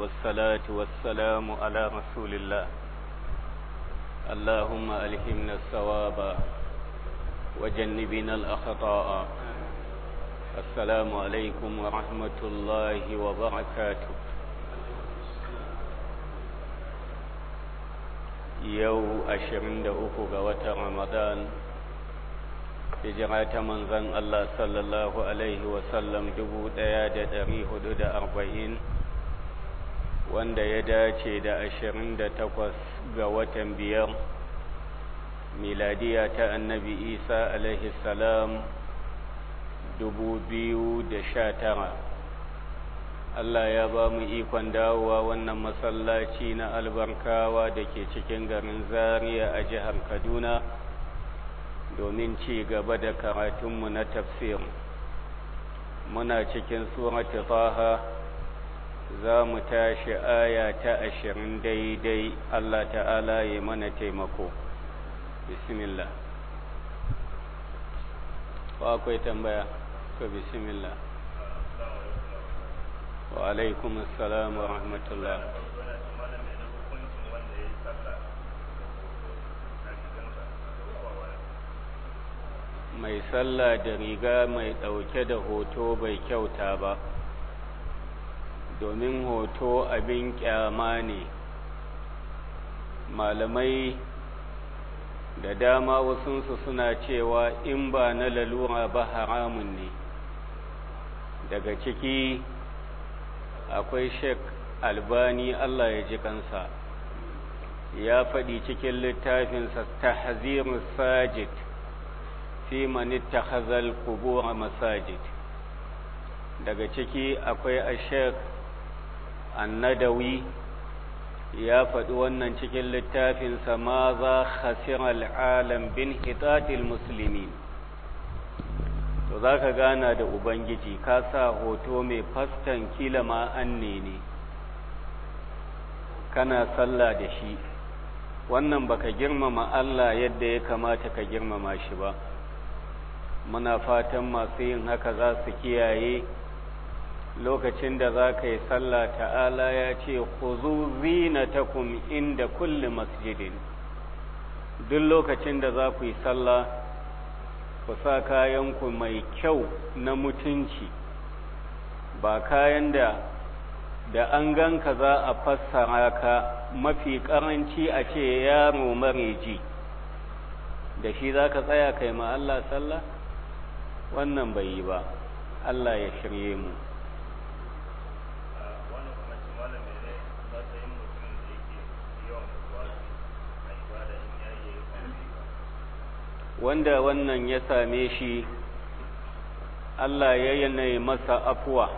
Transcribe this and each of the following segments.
والصلاة والسلام على رسول الله اللهم ألهمنا الثواب وجنبنا الأخطاء السلام عليكم ورحمة الله وبركاته يو أشرين دعوك رمضان إجرات من ذن الله صلى الله عليه وسلم جبوت أياد تريه دود أربعين wanda ya dace da ashirin da 28 ga watan biyar miladiya ta annabi isa alaihi salam tara. Allah ya ba mu ikon dawowa wannan masallaci na albarkawa da ke cikin garin zaria a jihar kaduna domin ci gaba da karatunmu na tafsir muna cikin suratu taha za mu tashi aya ta ashirin daidai Allah ta'ala ya mana taimako bismillah ko akwai tambaya to bismillah wa alaikum assalam wa rahmatullah mai sallah da riga mai ɗauke da hoto bai kyauta ba domin hoto abin kyama ne malamai da dama wasunsu suna cewa in ba na lalura ba haramun ne daga ciki akwai shek albani allah ya ji kansa ya faɗi cikin littafinsa tahzirus sajid fi mani tahazal kubura masajid daga ciki akwai a shek. annadawi ya faɗi wannan cikin littafinsa ma za khasirar alam bin hitatil musulmi to za ka gana da ubangiji ka sa hoto mai fastan kila ma'anne ne kana sallah da shi wannan baka girmama Allah yadda ya kamata ka girmama shi ba muna fatan masu yin haka za su kiyaye lokacin da za ka yi sallah ta'ala ya ce ku khuzu zinatakum inda kulli masjidin duk lokacin da za ku yi sallah ku sa kayanku mai kyau na mutunci ba kayan da da an ganka za a fassara ka mafi karanci a ce yaro ji. da shi za ka tsaya kai ma Allah sallah wannan bai yi ba Allah ya shirye mu wanda wannan ya same shi Allah ya yanayi masa afuwa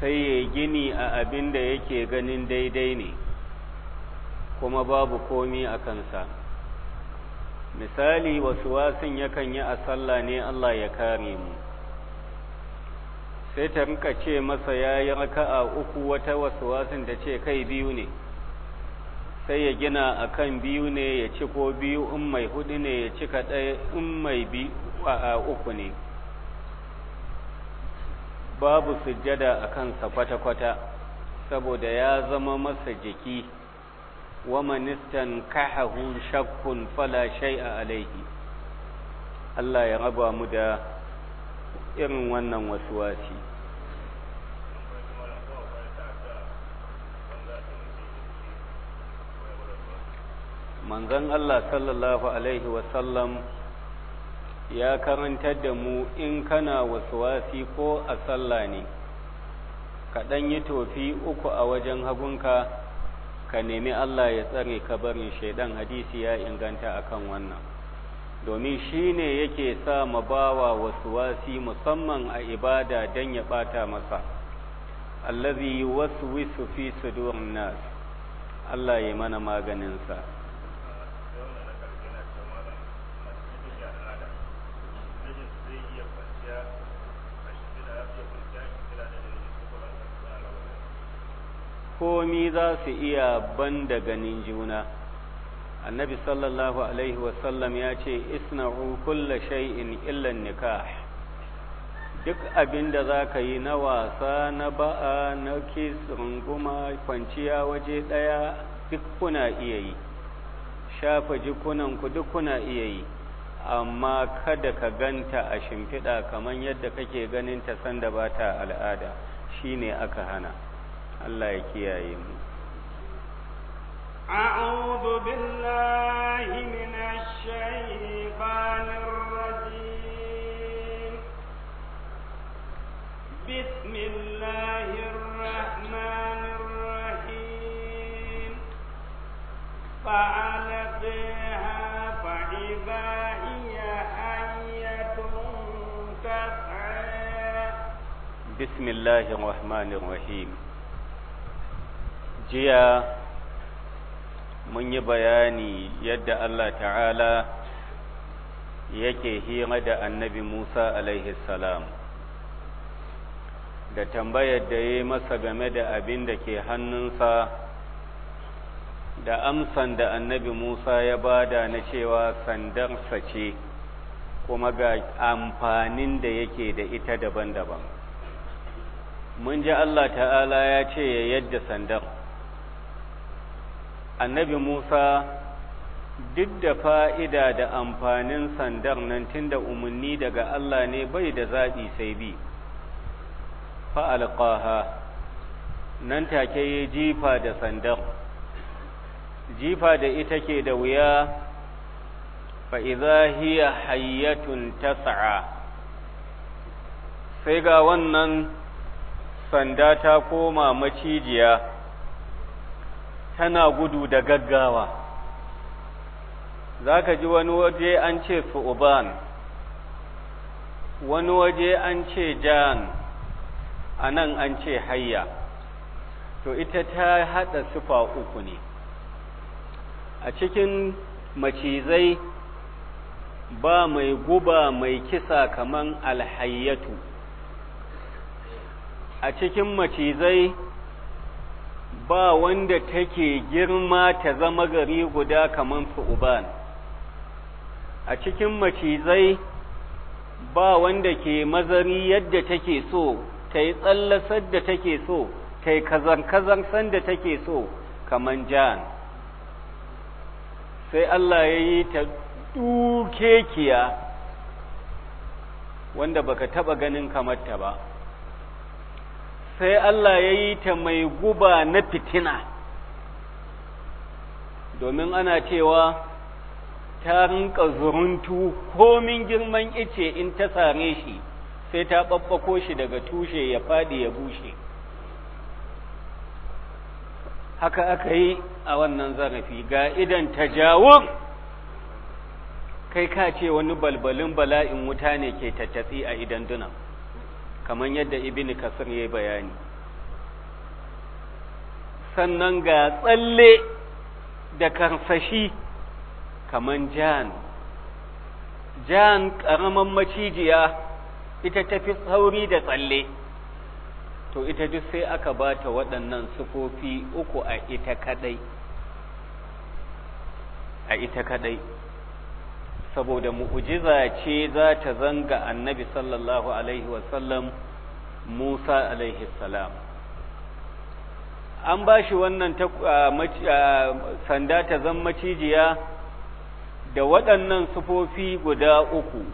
sai ya gini a abin da yake ganin daidai ne kuma babu komi a kansa misali wasu wasin yakan yi a sallah ne Allah ya kare mu sai ta rika ce masa ya yi raka'a uku wata wasu wasin da ce kai biyu ne sai ya gina a kan biyu ne ya ci ko biyu in mai hudu ne ya ci kaɗai in mai uku ne babu sujjada a kansa kwata-kwata saboda ya zama masa jiki wa manistan kahahu shakkun fala a alaihi Allah ya raba mu da irin wannan wasuwaci manzon Allah sallallahu alaihi wasallam ya karantar da mu in kana wasuwasi ko a sallah ne ka ɗan yi tofi uku a wajen hagunka ka nemi Allah ya tsare ka barin shaidan hadisi ya inganta akan wannan domin shi ne yake sa ma bawa wasuwasi musamman a ibada don ya ɓata masa allazi yuwaswisu fi sudurin nas Allah ya mana maganinsa komi za su iya ban da ganin juna annabi sallallahu alaihi wasallam ya ce isna'u kulla shay'in illan nikah duk abin da za ka yi na wasa na ba'a na kis runguma kwanciya waje ɗaya duk kuna iya yi shafa jikunanku duk kuna iya yi amma kada ka ganta a shimfiɗa kamar yadda kake ganin ta sanda ba ta al'ada shine aka hana الله يكيه أعوذ بالله من الشيطان الرجيم بسم الله الرحمن الرحيم فألقيها فإذا هي آية تسعى بسم الله الرحمن الرحيم jiya mun yi bayani yadda Allah ta'ala yake hira da annabi Musa alaihi salam da tambayar da ya masa game da abin da ke hannunsa da amsan da annabi Musa ya bada na cewa sandarsa ce kuma ga amfanin da yake da ita daban-daban mun ji Allah ta'ala ya ce ya yadda sandar annabi Musa duk da fa'ida da amfanin sandar nan tun da umarni daga Allah ne bai da zaɓi sai bi fa'alƙaha nan take yi jifa da sandar jifa da ita ke da wuya fa'iza hiya hayyatun ta tasa'a sai ga wannan sanda ta koma macijiya tana gudu da gaggawa za ka ji wani waje an ce su'uban wani waje an ce jan a nan an ce hayya to ita ta hada sufa uku ne a cikin macizai ba mai guba mai kisa kaman alhayyatu a cikin macizai ba wanda take girma ta zama gari guda kamar Uban, a cikin macizai ba wanda ke mazari yadda take so ta yi tsallasar da take so ta yi kazan-kazan sanda take so kamar jan sai Allah ya yi ta kiya wanda baka taba ganin kamar ta ba sai Allah ya yi ta mai guba na fitina domin ana cewa ta rinka zuruntu komin girman ice in ta sare shi sai ta ɓaɓɓako shi daga tushe ya faɗi ya bushe haka aka yi a wannan zarafi ga idan ta jawo kai ka ce wani balbalin bala'in wuta ne ke tattatsi a idan dunan kamar yadda ibn kasir ya bayani sannan ga tsalle da karsashi kamar jan jan ƙaraman macijiya ita tafi sauri da tsalle to ita duk sai aka ba ta waɗannan sufofi uku a ita kadai a ita kadai saboda mu'ujiza ce za ta zanga annabi sallallahu alaihi wasallam Musa alaihi salam an ba shi wannan sanda ta zan macijiya da waɗannan sufofi guda uku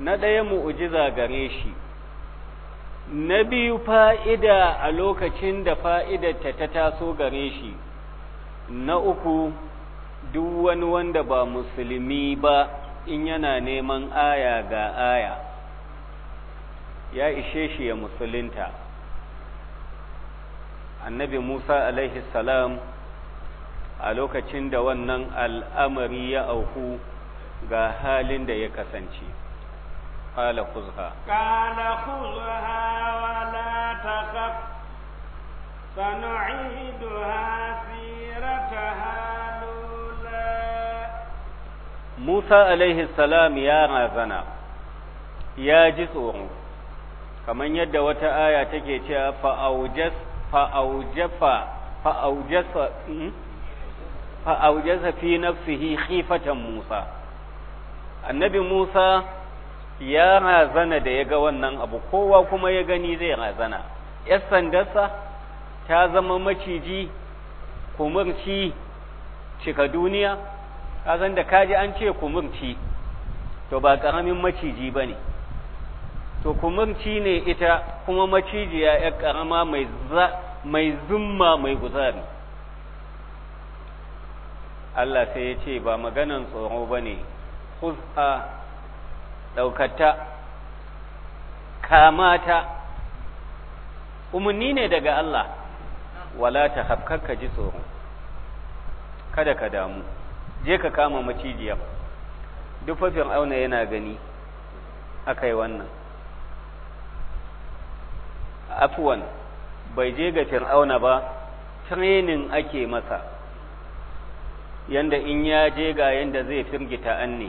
na ɗaya mu'ujiza gare shi na biyu fa'ida a lokacin da fa'idarta ta taso gare shi na uku duk wani wanda ba musulmi ba in yana neman aya ga aya ya ishe shi ya musulunta annabi musa alaihi salam a lokacin da wannan al'amari ya auku ga halin da ya kasance ƙala kuzha ƙala kuzha wa la takaf sanu'iduha sirataha Musa alaihi salam ya razana ya ji tsoro kamar yadda wata aya take cewa fa'aujas fa'aujasa hmm? fi nafsihi khifatan Musa annabi Musa ya razana da ya ga wannan abu kowa kuma ya gani zai razana yar sandarsa ta zama maciji kumurci cika duniya kazan da kaji an ce kumurci to ba ƙaramin maciji ba ne to kumurci ne ita kuma macijiya ‘yar karama mai zumma mai guzari Allah sai ya ce ba maganan tsoro ba ne kusa ɗaukata kamata umarni ne daga Allah wala ta hafkar ka ji tsoro kada ka damu je ka kama macijiya duk fafin fir'auna yana gani yi wannan Afuwan bai je ga fir'auna ba training ake masa yanda in ya je ga yanda zai firgita ne.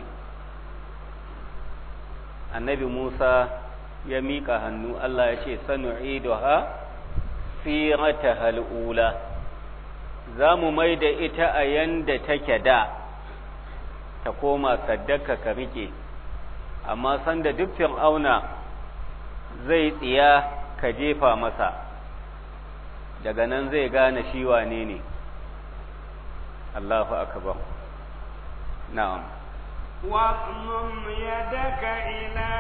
annabi Musa ya miƙa hannu Allah ya ce sanu sanu'iduha sirata hal'ula za mu mai da ita a yanda take da ta koma saddaka ka rike amma sanda duk fir'auna zai tsiya ka jefa masa daga nan zai gane shi wane ne Allahu akbar na'am wa da yadaka ila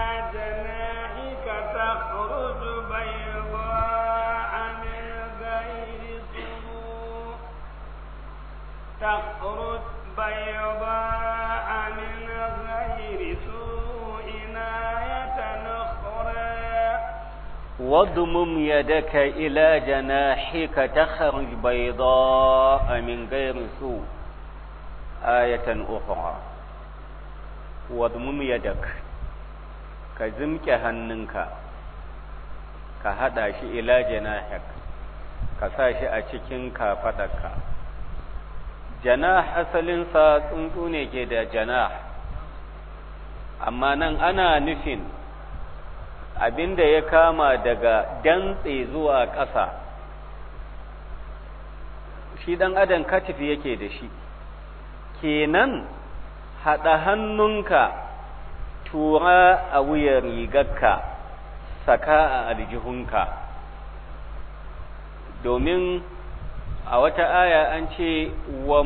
تخرج takhruju تخرج بيضاء غير سوء آية أخرى واضمم يدك إلى جناحك تخرج بيضاء من غير سوء آية أخرى واضمم يدك كزمك هننك ka haɗa shi ila janahik ka sa shi a cikin kafaɗarka jana asalinsa tsuntsu ne ke da janah amma nan ana nufin abinda ya kama daga dantse zuwa ƙasa shi ɗan adam katifi yake da shi kenan haɗa hannunka tura a wuyar rigarka saka a aljihunka domin a wata aya an ce wa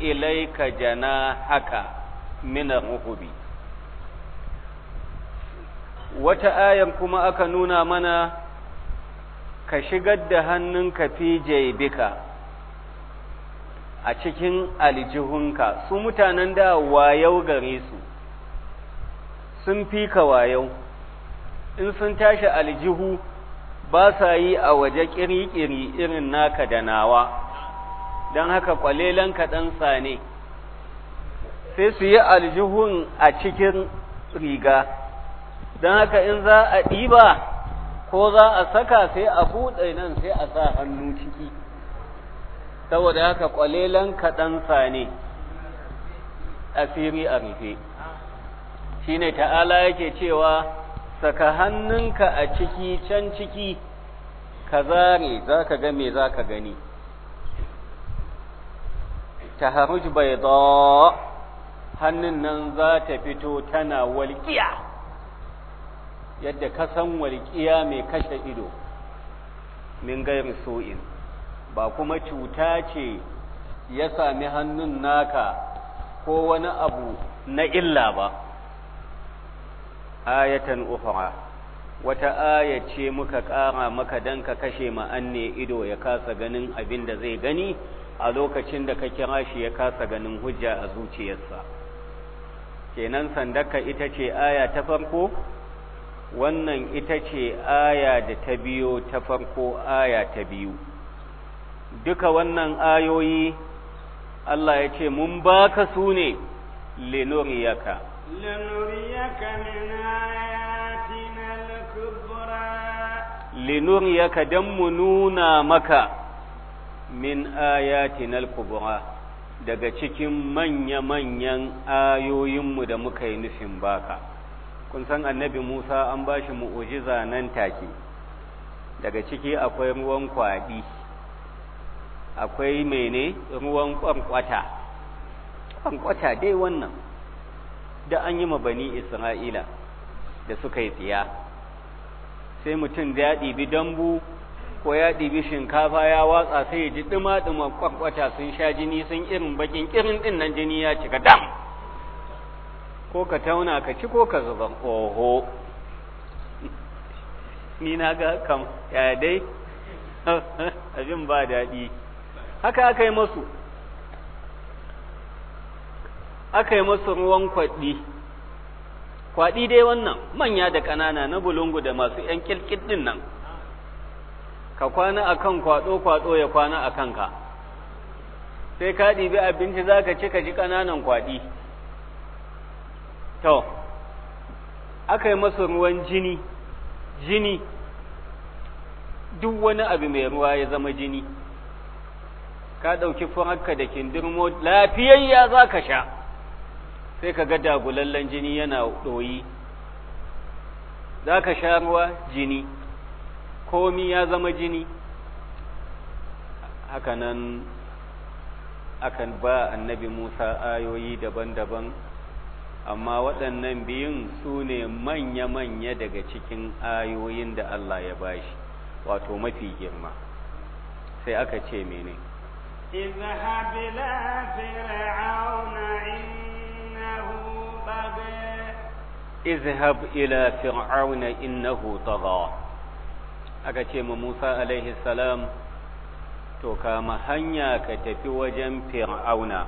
ilaika jana haka من ruhubi wata ayan kuma aka nuna mana ka shigar da hannunka fi a cikin aljihunka su mutanen da wayau gare su sun fi ka wayau in sun tashi aljihu ba sa yi a waje kiri-kiri irin naka da nawa don haka kwalelan kaɗan Sane. ne sai su yi aljihun a cikin riga don haka in za a ɗiba ko za a saka sai a buɗe nan sai a sa hannu ciki saboda haka kwalelan kaɗansa ne asiri a rufe shine ta'ala yake cewa saka hannunka a ciki can ciki ka zare za ka ga me za ka gani taharuj bai hannun nan za ta fito tana walƙiya yadda ka san walƙiya mai kashe ido min gairi so'in ba kuma cuta ce ya sami hannun naka ko wani abu na illa ba ayatan ufara wata aya ce muka ƙara maka don ka kashe ma'anne ido ya kasa ganin abin da zai gani a lokacin da ka kira shi ya kasa ganin hujja a zuciyarsa kenan sandaka ita ce aya ta farko wannan ita ce aya da ta biyo ta farko aya ta biyu duka wannan ayoyi Allah ya ce mun baka su ne lenoriyaka lenoriyaka min al-kubra dan mu nuna maka min ayatina al-kubra daga cikin manya-manyan ayoyinmu da muka yi nufin baka kun san annabi musa an ba shi mu'ujiza nan take daga ciki akwai ruwan kwaɗi akwai mene ruwan kwankwata kwankwata dai wannan da an yi mabani isra'ila da suka yi tsiya sai mutum ya ɗibi dambu ko ya ɗibi shinkafa ya watsa sai ya ji ɗuma-ɗuma kwakwata sun sha jini sun irin bakin irin ɗin nan jini ya cika dam ko ka tauna ka ci ko ka zuba oho ni na ga kam ya dai abin ba daɗi haka aka yi masu aka yi masu ruwan kwaɗi kwaɗi dai wannan manya da ƙanana na bulungu da masu ‘yan ƙirƙir ɗin nan ka kwana a kan kwaɗo-kwaɗo ya kwana a kanka. sai ka ɗibi abinci za ka ci ka ji ƙananan kwaɗi to aka yi masa ruwan jini jini duk wani abu mai ruwa ya zama jini ka ɗauki furanka da kindirmo lafiyayya za ka sha sai ka ga dagulallen jini yana ɗoyi za ka sha ruwa jini komi ya zama jini hakanan akan ba annabi Musa ayoyi daban-daban amma waɗannan biyun su ne manya-manya daga cikin ayoyin da Allah ya bashi wato mafi girma sai aka ce mene izhab ila fir'auna innahu طغى aka ce ma Musa alaihi salam to kama hanya ka tafi wajen fir'auna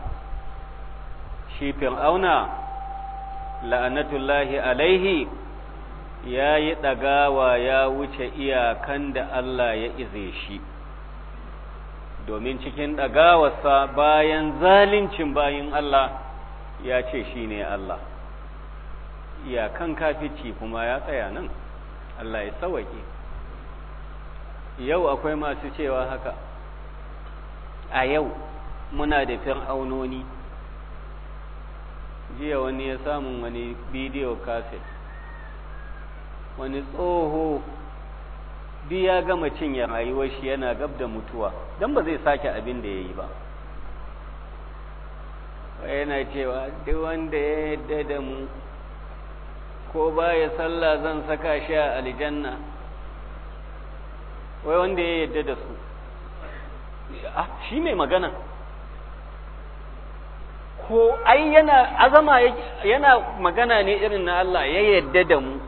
shi fir'auna la'anatullahi alaihi ya yi ɗagawa ya wuce iyakan da Allah ya ize shi domin cikin ɗagawarsa bayan zalincin bayin Allah ya ce shi ne Allah iyakan kafici kuma ya tsaya nan Allah ya sawaƙe yau akwai masu cewa haka a yau muna da fir'aunoni jiya wani ya samu wani bidiyo kafin wani tsoho duk ya gama ya rayuwa shi yana gab da mutuwa don ba zai sake abin da ya yi ba yana cewa duk wanda ya yadda da mu ko ba ya sallah zan saka shi a aljanna wai wanda ya yadda da su shi mai magana ko ai yana azama yana magana ne irin na Allah ya yadda da mu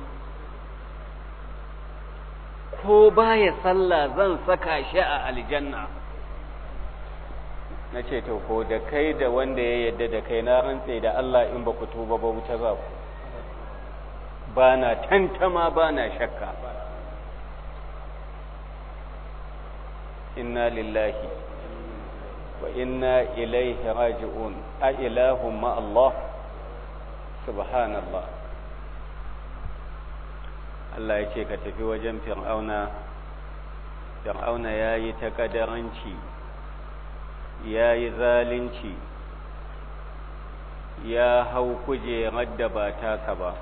ko baya sallah zan saka shi a aljanna na ce to ko da kai da wanda ya yadda da kai na rantse da Allah in ba ku tuba ba wuce za ku ba na tantama ba na shakka inna lillahi wa ilaihi raji'un a ilahun ma'allah subhanallah Allah ya ce ka tafi wajen fir'auna fir'auna ya yi ta ƙadaranci ya yi zalunci ya hau kujerar da ba taka ba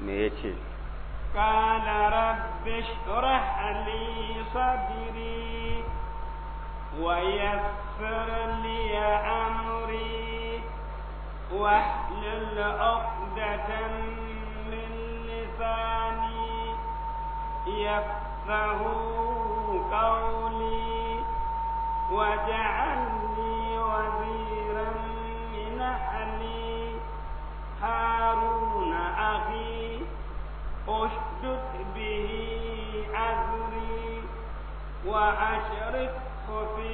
me ya ce قال رب اشرح لي صدري ويسر لي أمري واحلل عقدة من لساني يفقه قولي واجعلني وزيرا من أهلي هارون أخي أشدد به أذري وأشركه في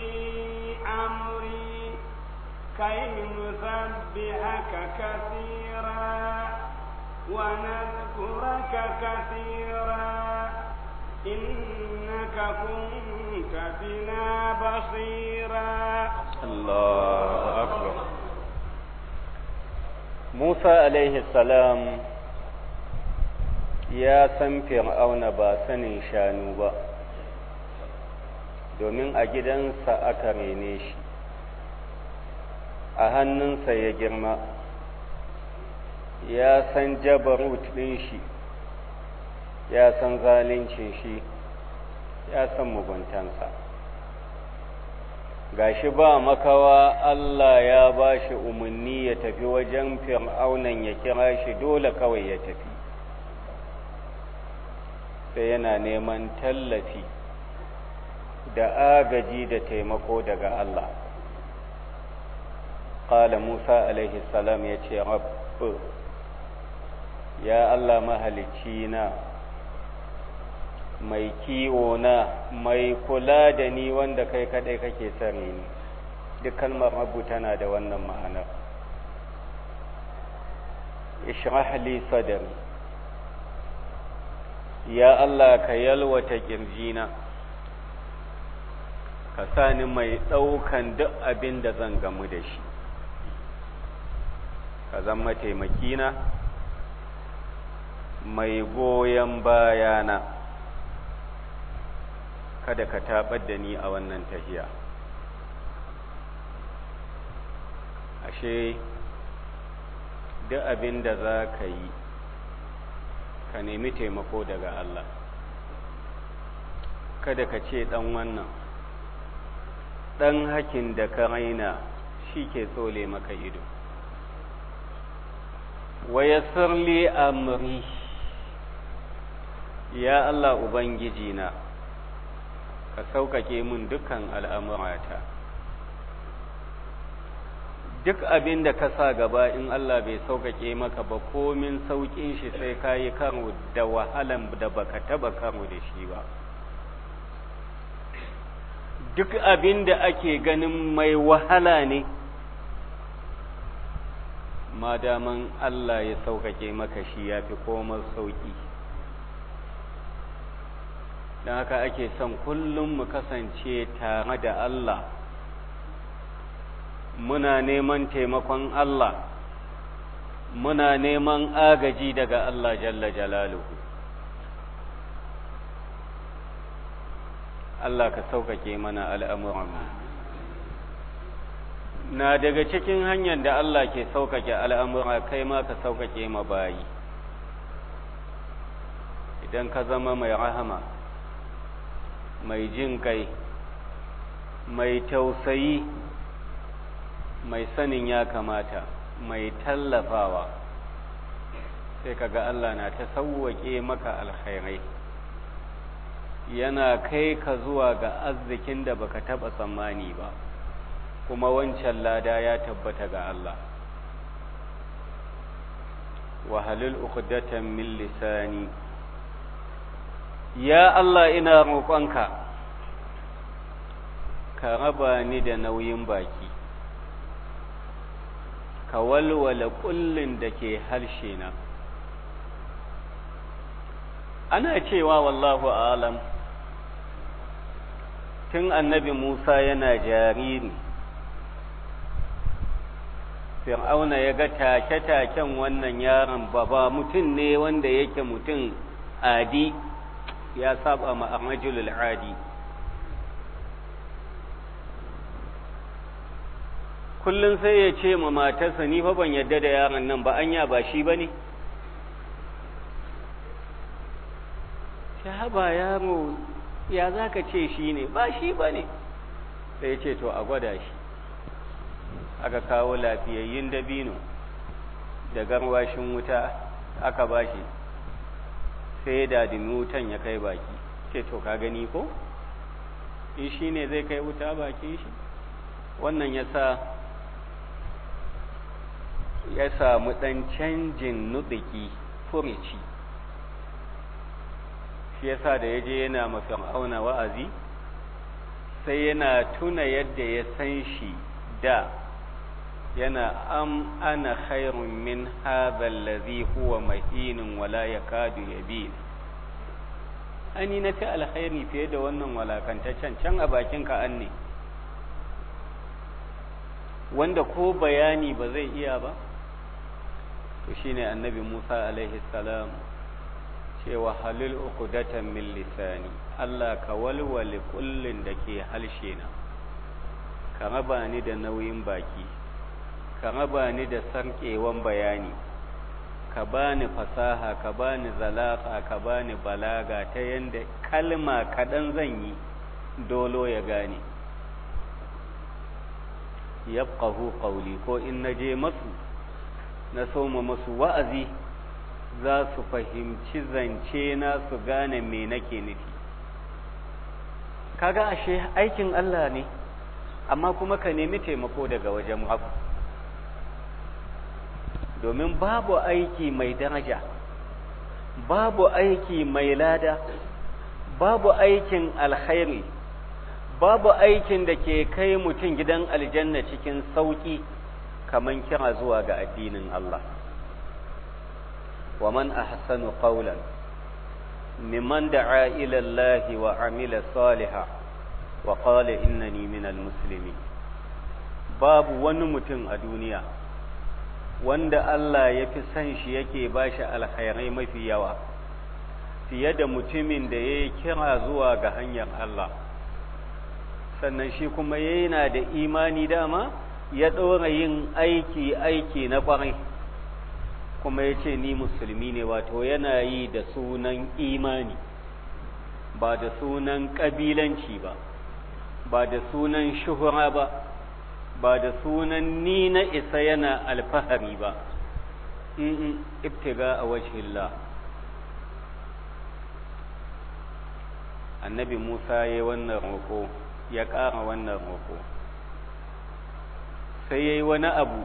أمري كي نسبحك كثيرا ونذكرك كثيرا إنك كنت بنا بصيرا الله أكبر موسى عليه السلام ya san fir'auna ba sanin shanu ba domin a gidansa aka rene shi a hannunsa ya girma ya san jabarut ɗin shi ya san zalincin shi ya san muguntansa gashi ba makawa Allah ya ba shi umarni ya tafi wajen fir'aunan ya kira shi dole kawai ya tafi sai yana neman tallafi da agaji da taimako daga Allah ƙala Musa alaihi salam ya ce ya Allah mahalicci na mai kiwo na mai kula da ni wanda kai kaɗai kake sani ni duk kalmar rabu tana da wannan ma'anar ishrah li sadri ya Allah ka yalwata ƙirjina ka sani mai ɗaukan duk abin da zan gamu da shi ka zama taimakina mai goyon bayana kada ka taɓar da ni a wannan tahiya ashe duk abin da za ka yi ka nemi taimako daga Allah kada ka ce dan wannan Ɗan hakin da ka raina shi ke tsole maka ido wayassir li amri ya Allah ubangiji na ka sauƙaƙe min dukkan al'amurata duk abin da ka sa gaba in Allah bai sauƙaƙe maka ba komin sauƙin shi sai ka yi karo da wahalan da baka taba karo da shi ba duk abin da ake ganin mai wahala ne madaman Allah ya sauƙaƙe maka shi ya fi komar sauƙi don haka ake son kullum mu kasance tare da Allah muna neman taimakon Allah muna neman agaji daga Allah jalla jalaluhu Allah ka sauƙaƙe mana al'amuranmu na daga cikin hanyar da Allah ke sauƙaƙe al'amura kai ma ka sauƙaƙe ma bayi idan ka zama mai rahama mai jin kai mai tausayi mai sanin ya kamata mai tallafawa sai kaga Allah na ta sauwake maka alkhairai yana kai ka zuwa ga arzikin da baka taba tsammani ba kuma wancan lada ya tabbata ga Allah wahalul uqdatan min lisani ya Allah ina roƙonka ka raba ni da nauyin baki ka walwala kullin da ke harshe na ana cewa wallahu alam tun annabi Musa yana jariri fir'auna ya ga take-taken wannan yaron baba mutum ne wanda yake mutum adi ya saba ma adi kullum sai ya ce ma matarsa ni fa ban yadda da yaron nan ba anya ba shi ba ne ta ba yaro ya za ka ce shi ne ba shi ba sai ya ce to a gwada shi aka kawo lafiyayyin dabino da garwashin wuta aka ba shi sai dadin wutan ya kai baki ce to ka gani ko in shi ne zai kai wuta baki shi wannan ya sa ya samu ɗan canjin nutsiki furici shi yasa da ya je yana mafi auna wa'azi sai yana tuna yadda ya san shi da yana am ana khairun min hadha allazi huwa mahinin wala yakadu yabin ani na fi alkhairi fiye da wannan walakantaccen can a bakin ka an ne wanda ko bayani ba zai iya ba to shine annabi Musa alaihi salam cewa halil uqdatan min lisani Allah ka walwale kullin da ke halshe na ka raba ni da nauyin baki ka raba ni da sankewan bayani ka bani fasaha ka bani zalaka ka bani balaga ta yanda kalma kaɗan zan yi dolo ya gane yabqahu qawli ko in naje masu na soma masu wa'azi za su fahimci zance na su gane me nake nufi kaga ashe aikin Allah ne amma kuma ka nemi taimako daga wajen abu domin babu aiki mai daraja babu aiki mai lada babu aikin alkhairi babu aikin da ke kai mutum gidan aljanna cikin sauƙi kaman kira zuwa ga addinin Allah wa man ahsanu qawlan mimman da'a ila Allah wa amila salihan wa qala innani minal muslimin babu wani mutum a duniya wanda Allah ya fi san shi yake ba shi alkhairai mafi yawa fiye da mutumin da ya kira zuwa ga hanyar Allah sannan shi kuma yana da imani dama ya ɗora yin aiki aiki na ƙwarai kuma ya ce ni musulmi ne wato yana yi da sunan imani ba da sunan ƙabilanci ba ba da sunan shuhura ba ba da sunan ni na isa yana alfahari ba in ibtiga a wajhillah annabi musa ya yi wannan roƙo ya ƙara wannan roƙo sai yayi wani abu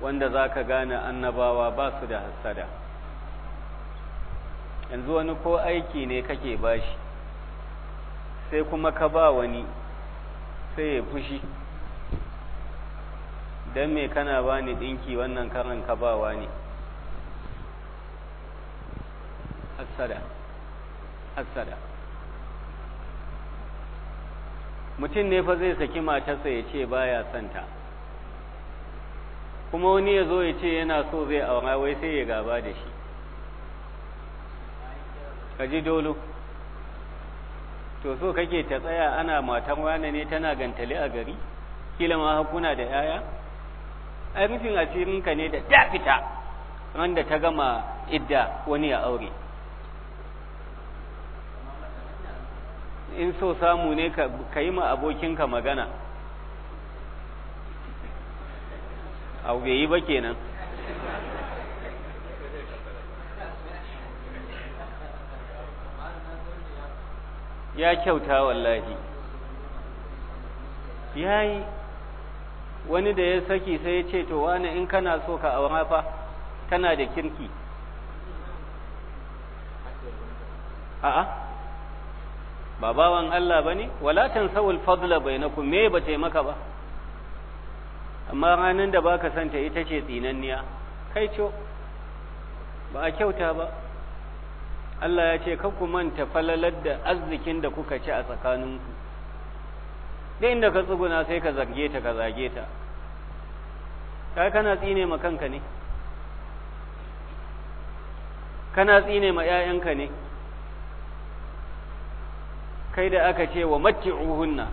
wanda za ka gane annabawa ba su da hasada yanzu wani ko aiki ne kake bashi sai kuma ka ba wani sai ya fushi don me kana ba ni ɗinki wannan karin ka bawa ne hassada hassada mutum ne fa zai saki matarsa ya ce ba baya santa kuma wani ya zo ya ce yana so zai aura wai sai ya gaba da shi ka ji dolo to so kake ta tsaya ana matan wane ne tana gantali a gari kila ma hakuna da yaya ai rufin asirinka ne da dafita wanda ta gama idda wani ya aure in so samu ne ka yi ma abokinka magana abu bai yi ba kenan ya kyauta wallahi ya yi wani da ya saki sai ya ce to wani in kana so ka a fa kana da kirki a'a ba bawan Allah bane wala sawul fadla bainakum me ba taimaka maka ba amma ranar da baka santa ita ce tsinanniya kai ce ba a kyauta ba Allah ya ce ku manta falalar da arzikin da kuka ci a tsakaninku dai inda ka tsuguna sai ka zage ta ka zage ta ka kana tsine ma kanka ne kana tsine ma 'ya'yanka ne kai da aka ce wa matti'uhunna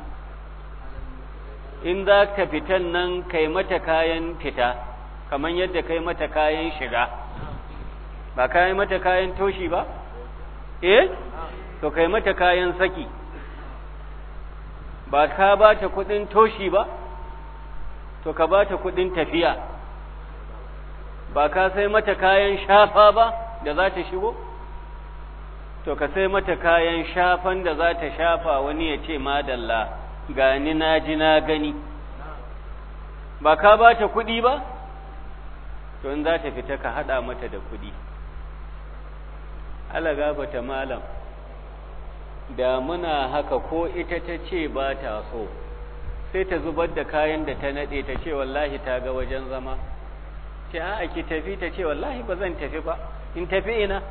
in za ka fitan nan kai mata kayan fita kamar yadda kai mata kayan shiga ba kai mata kayan toshi ba eh to kai mata kayan saki ba ka ba ta kudin toshi ba to ka ba ta kudin tafiya ba ka sai mata kayan shafa ba da za ta shigo to ka sai mata kayan shafan da za ta shafa wani ya ce madalla gani na ji na gani ba ka ba ta kuɗi ba to in za ta fita ka haɗa mata da kuɗi alaga ba malam da muna haka ko ita ta ce ba ta so sai ta zubar da kayan da ta naɗe ta ce wallahi ta ga wajen zama ce a ki tafi ta ce wallahi ba zan tafi ba in tafi ina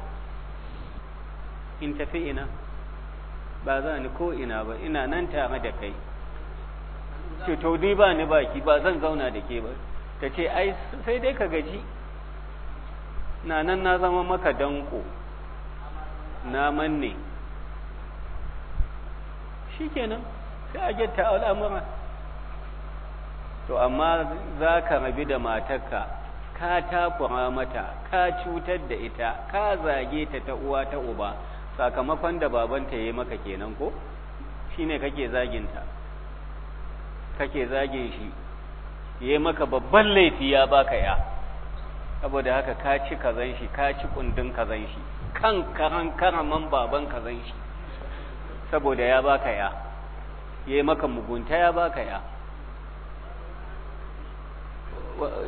in tafi ina ba za ni ko ina ba ina nan tare da kai ce to ni ba ni baki ba zan zauna da ke ba ta ce ai sai dai ka gaji na nan na zama maka danko na manne shikenan sai a gyatta al'amura to amma za ka rabi da matarka ka takura mata ka cutar da ita ka zage ta ta uwa ta uba sakamakon da babanta ya yi maka kenan ko shi ne kake zaginta kake zagin shi ya yi maka babban laifi ya baka ya saboda haka ka ci kazan shi ka ci kundin kazan shi kan karan karaman baban kazan shi saboda ya baka ya ya yi maka mugunta ya baka ya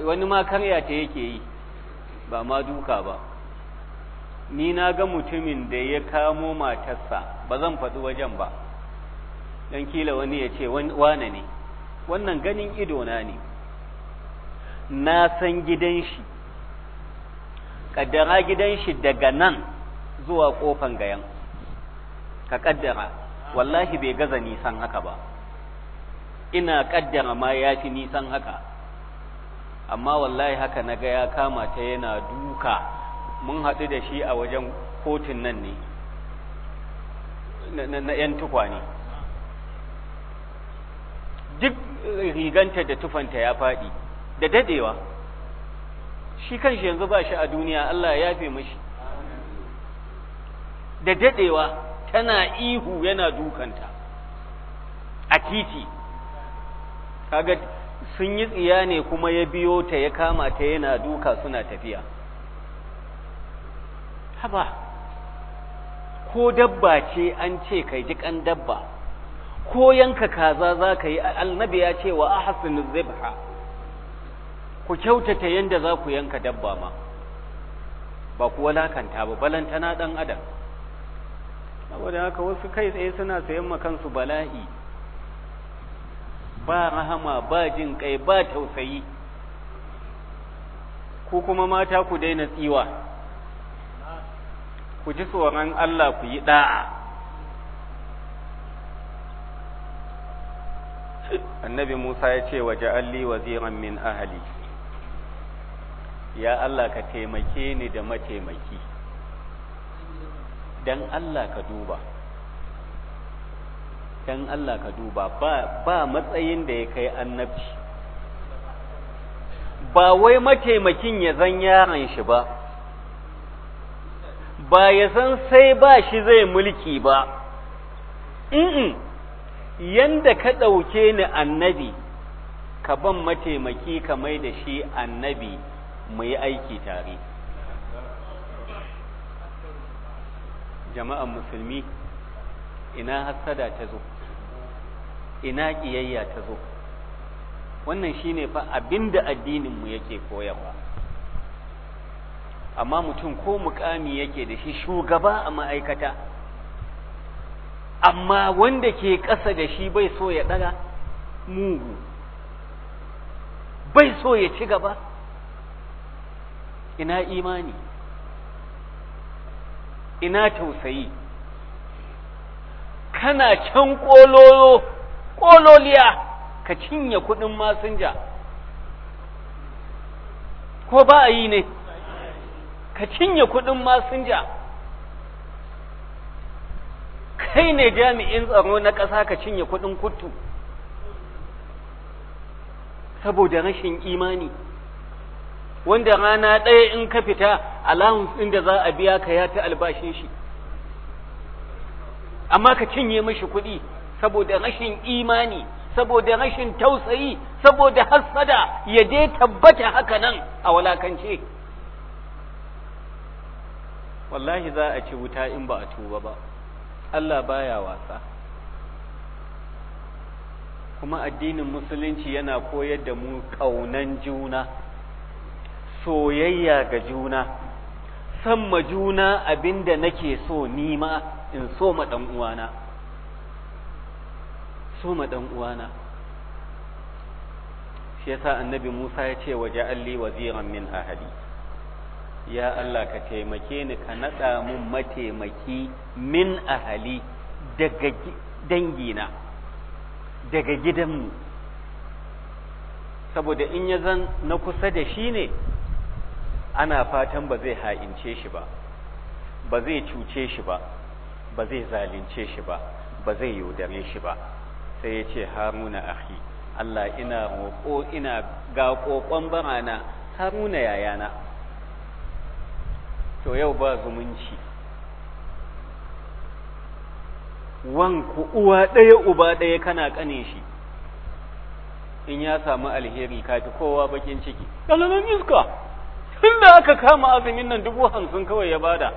wani ma karya ta yake yi ba ma duka ba ni na ga mutumin da ya kamo matarsa ba zan faɗi wajen ba don kila wani ya ce wane ne wannan ganin idona ne na san gidan shi kaddara gidan shi daga nan zuwa kofan gayan ka kaddara wallahi bai gaza nisan haka ba ina ƙaddara ma ya fi nisan haka amma wallahi haka na ga ya kama ta yana duka mun haɗu da shi a wajen kotun nan ne na 'yan tukwane duk riganta da tufanta ya faɗi da dadewa shi kanshi yanzu ba shi a duniya Allah ya yafe mashi da dadewa tana ihu yana dukanta a titi kaga sun yi tsiya ne kuma ya biyo ta ya kama ta yana duka suna tafiya haba ko dabba ce an ce kai ji dabba ko yanka kaza za ka yi annabi ya ce wa ahsanu zibha ku kyautata yanda za ku yanka dabba ma ba ku walakanta ba balantana dan adam saboda haka wasu kai tsaye suna sayan kansu bala'i ba rahama ba jin kai ba tausayi ko kuma mata ku daina tsiwa ku ji tsoron Allah ku yi da'a annabi Musa ya ce waje alli waziran min ahali ya Allah ka taimake ni da mataimaki dan Allah ka duba dan Allah ka duba ba, ba matsayin da ya kai annabci ba wai mataimakin ya zan yaran shi ba ba ya san sai ba shi zai mulki ba in yanda ka ɗauke ni annabi ka ban mataimaki ka mai da shi annabi mu yi aiki tare jama'an musulmi ina hassada ta zo ina ƙiyayya ta zo wannan shine fa abinda addininmu yake koyarwa amma mutum ko mukami yake da shi shugaba a ma'aikata amma wanda ke ƙasa da shi bai so ya ɗaga mugu bai so ya ci gaba ina imani ina tausayi kana can ƙololo ƙololiya ka cinye kuɗin masinja ko ba a yi ne ka cinye kuɗin masinja kai ne jami'in tsaro na ƙasa ka cinye kuɗin kuttu saboda rashin imani wanda rana ɗaya in ka fita allowance ɗin da za a biya ka ya ta albashin shi amma ka cinye mashi kuɗi saboda rashin imani saboda rashin tausayi saboda hassada ya dai tabbata haka nan a walakance wallahi za a ci wuta in ba a tuba ba Allah baya wasa kuma addinin musulunci yana koyar da mu ƙaunan juna soyayya ga juna san ma juna abinda nake so nima in so ma dan uwana so ma dan uwana shi yasa annabi Musa ya ce waje alli waziran min ahadi ya Allah ka taimake ni ka naɗa mun mataimaki min ahali daga dangina daga gidanmu saboda in ya zan na kusa da shi ne ana fatan ba zai ha'ince shi ba ba zai cuce shi ba ba zai zalunce shi ba ba zai yaudare shi ba sai ya ce haruna ahi Allah ina roƙo ina ga ƙoƙon barana haruna yayana to yau ba zumunci wanku uwa ɗaya uba ɗaya kana ƙane shi in ya samu alheri kafi kowa bakin ciki ɗalalan iska inda aka kama azumin nan dubu hamsin kawai ya bada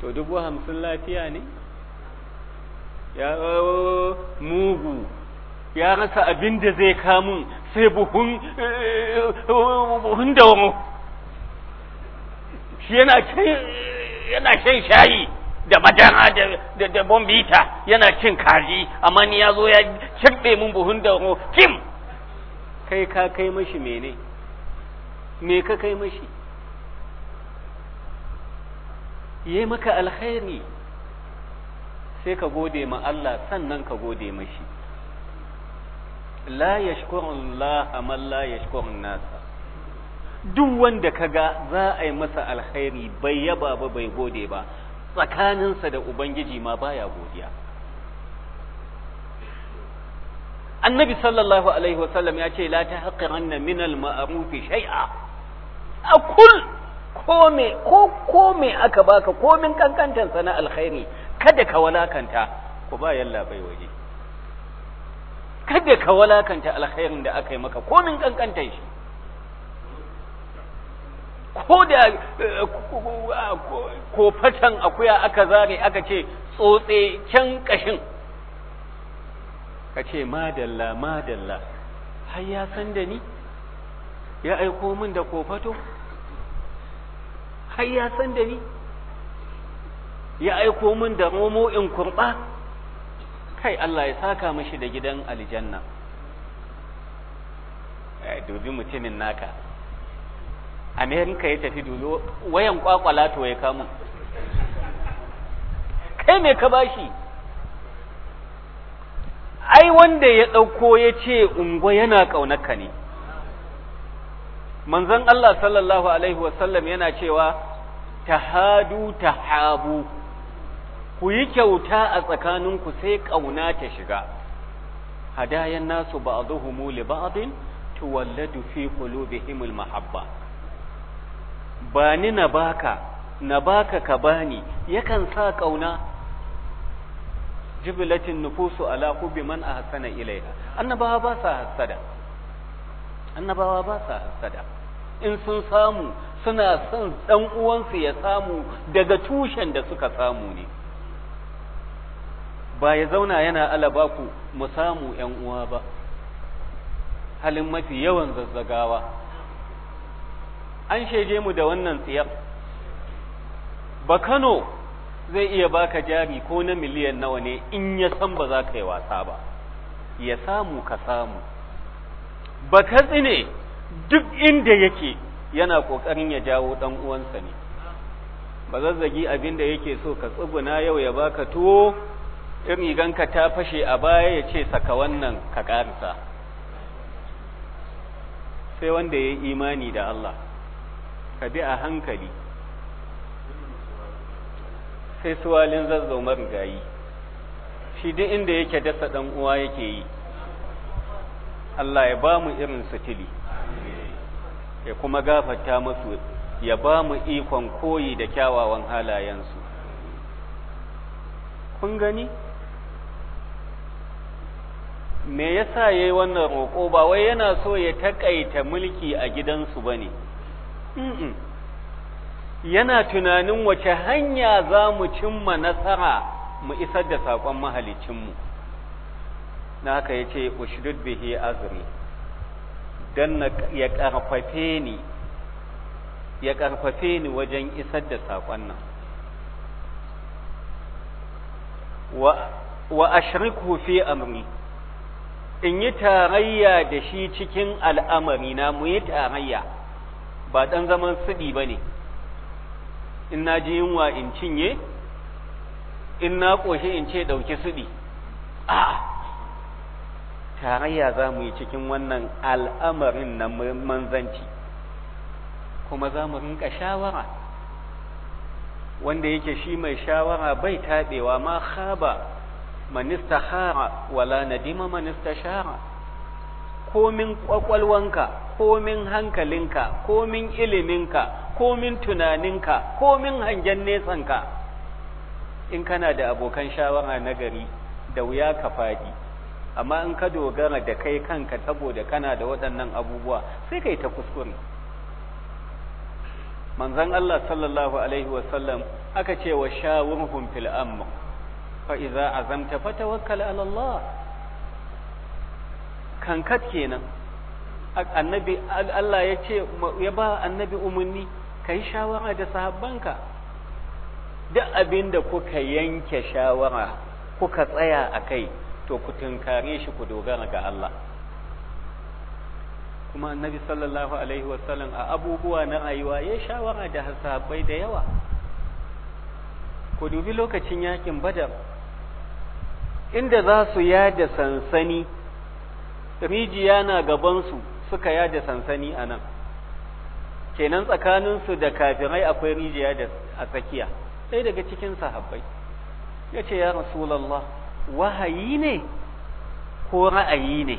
to dubu hamsin lafiya ne ya oh, mugu ya rasa abin da zai kamun sai buhun eh, eh, eh, da shi yana yana shan shayi da madara da da bombita yana cin kaji amma ni ya zo ya cibbe mun buhun da kim kai ka kai mashi mene me ka kai mashi yi maka alkhairi sai ka gode ma Allah sannan ka gode mashi la yashkurun amma la yashkurun nas duk wanda ka ga za a yi masa alkhairi bai yaba ba bai gode ba tsakaninsa da ubangiji ma baya godiya annabi sallallahu alaihi wasallam ya ce la tahqiranna min al-ma'rufi shay'a a kul kome ko kome aka baka komin kankantan na alkhairi kada ka walakanta ku ba yalla bai waje kada ka walakanta alkhairin da aka yi maka komin kankantan shi ko da eh, kofatan akuya aka zare aka ce tsotse can kashin ka ce madalla madalla har ya san da ni ya aiko min da kofato har ya san da ni ya aiko min da romo in kurɓa kai Allah ya saka mashi da gidan aljanna eh, dubi mutumin naka amerika ya tafi dole wayan kwakwala to ya kamu kai me ka bashi ai wanda ya ɗauko ya ce ungo yana ƙaunaka ne manzon Allah sallallahu alaihi wasallam yana cewa tahadu tahabu ku yi kyauta a tsakaninku sai ƙauna ta shiga hadayan nasu ba'dhuhum li ba'din tuwalladu fi qulubihim al-mahabba ba ni na baka na baka ka bani yakan sa kauna jibilatin nufusu ala hubi man ahsana ilaiha annabawa ba sa hasada annabawa ba sa hasada in sun samu suna son dan uwansu ya samu daga tushen da suka samu ne ba ya zauna yana alabaku mu samu ‘yan uwa ba, halin mafi yawan zazzagawa, an shaide mu da wannan tsiyar ba kano zai iya baka jari ko na miliyan nawa ne in ya san ba za ka yi wasa ba ya samu ka samu ba ka tsine duk inda yake yana ƙoƙarin ya jawo ɗan uwansa ne ba zazzagi abin da yake so ka tsuguna yau ya baka tuwo idan ka ta fashe a baya ya ce saka wannan ka karsa sai wanda ya yi imani da Allah ka bi a hankali sai suwalin zazzaumar gayi shi duk inda yake dasa ɗan uwa yake yi Allah ya ba mu irin sutili ya kuma gafata masu ya ba mu ikon koyi da kyawawan halayensu kun gani me yasa yayi wannan roƙo ba wai yana so ya takaita mulki a gidansu bane yana tunanin wace hanya za mu cimma nasara mu isar da saƙon mahalicinmu na haka ya ce ushidud bihi azumi don ya ƙarfafe ni ya ƙarfafe ni wajen isar da saƙon nan wa ashriku fi amri in yi tarayya da shi cikin al'amari na mu yi tarayya ba ɗan zaman siɗi bane ne in na ji yunwa in cinye in na ƙoshi in ce ɗauki siɗi a tarayya za mu yi cikin wannan al'amarin na manzanci kuma za mu rinka shawara wanda yake shi mai shawara bai taɓewa ma khaba manista hara wala nadima manista shara komin ƙwaƙwalwanka komin hankalinka komin iliminka komin tunaninka komin hangen nesanka in kana da abokan shawara na gari da wuya ka fadi amma in ka dogara da kai kanka saboda kana da waɗannan abubuwa sai kai ta kuskure manzon Allah sallallahu alaihi wasallam aka ce wa shawurhum fil amr fa idza azamta fatawakkal ala Allah kankat kenan annabi Allah ya ce ya ba annabi umarni ka yi shawara da sahabbanka duk abin da kuka yanke shawara kuka tsaya a kai to ku tunkare shi ku dogara ga Allah kuma annabi sallallahu alaihi wasallam a abubuwa na rayuwa ya shawara da sahabbai da yawa ku dubi lokacin yakin badar inda za su yada sansani rijiya na gabansu suka yada sansani a nan kenan tsakaninsu da kafirai akwai rijiya a tsakiya sai daga cikin sahabbai ya ce ya rasulallah wahayi ne ko ra'ayi ne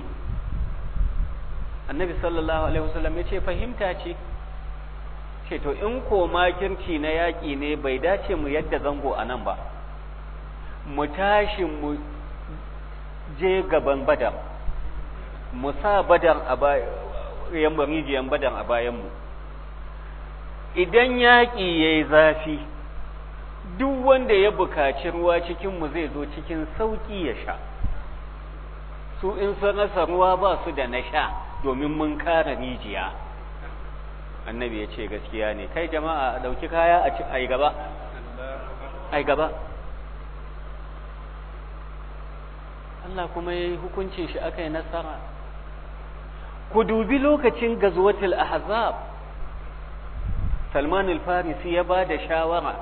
annabi sallallahu alaihi wasallam ya ce fahimta ce ce to in koma kirki na yaƙi ne bai dace mu yadda zango a nan ba mu tashi mu je gaban badar mu sa badar a yan rijiyan badan a bayan mu. idan yaƙi ya yi zafi duk wanda ya bukaci ruwa cikinmu zai zo cikin sauƙi ya sha su in sun rasa ruwa ba su da na sha domin mun kara rijiya annabi ya ce gaskiya ne kai jama'a a ɗauki kaya a ci ai gaba ai gaba Allah kuma ya yi hukuncin shi aka yi nasara ku dubi lokacin gazuwatul ahzab salman al-farisi ya ba da shawara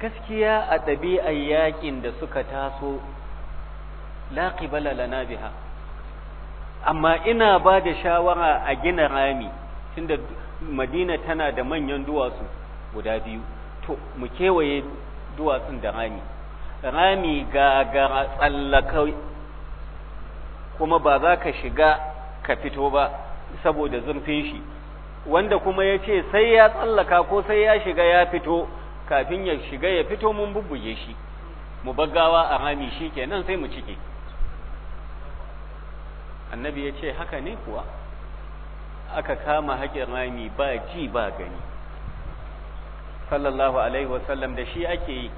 gaskiya a ɗabi'ar yaƙin da suka taso la qibala lana biha amma ina ba da shawara a gina rami tunda madina tana da manyan duwatsu guda biyu to mu kewaye duwatsun da rami rami ga tsallaka kuma ba za ka shiga ka fito ba saboda zurfin shi wanda kuma ya ce sai ya tsallaka ko sai ya shiga ya fito kafin ya shiga ya fito mun bubbuge shi mu baggawa a rami shi kenan sai mu cike annabi ya ce haka ne kuwa aka kama haƙin rami ba ji ba gani sallallahu alaihi wasallam da shi ake yi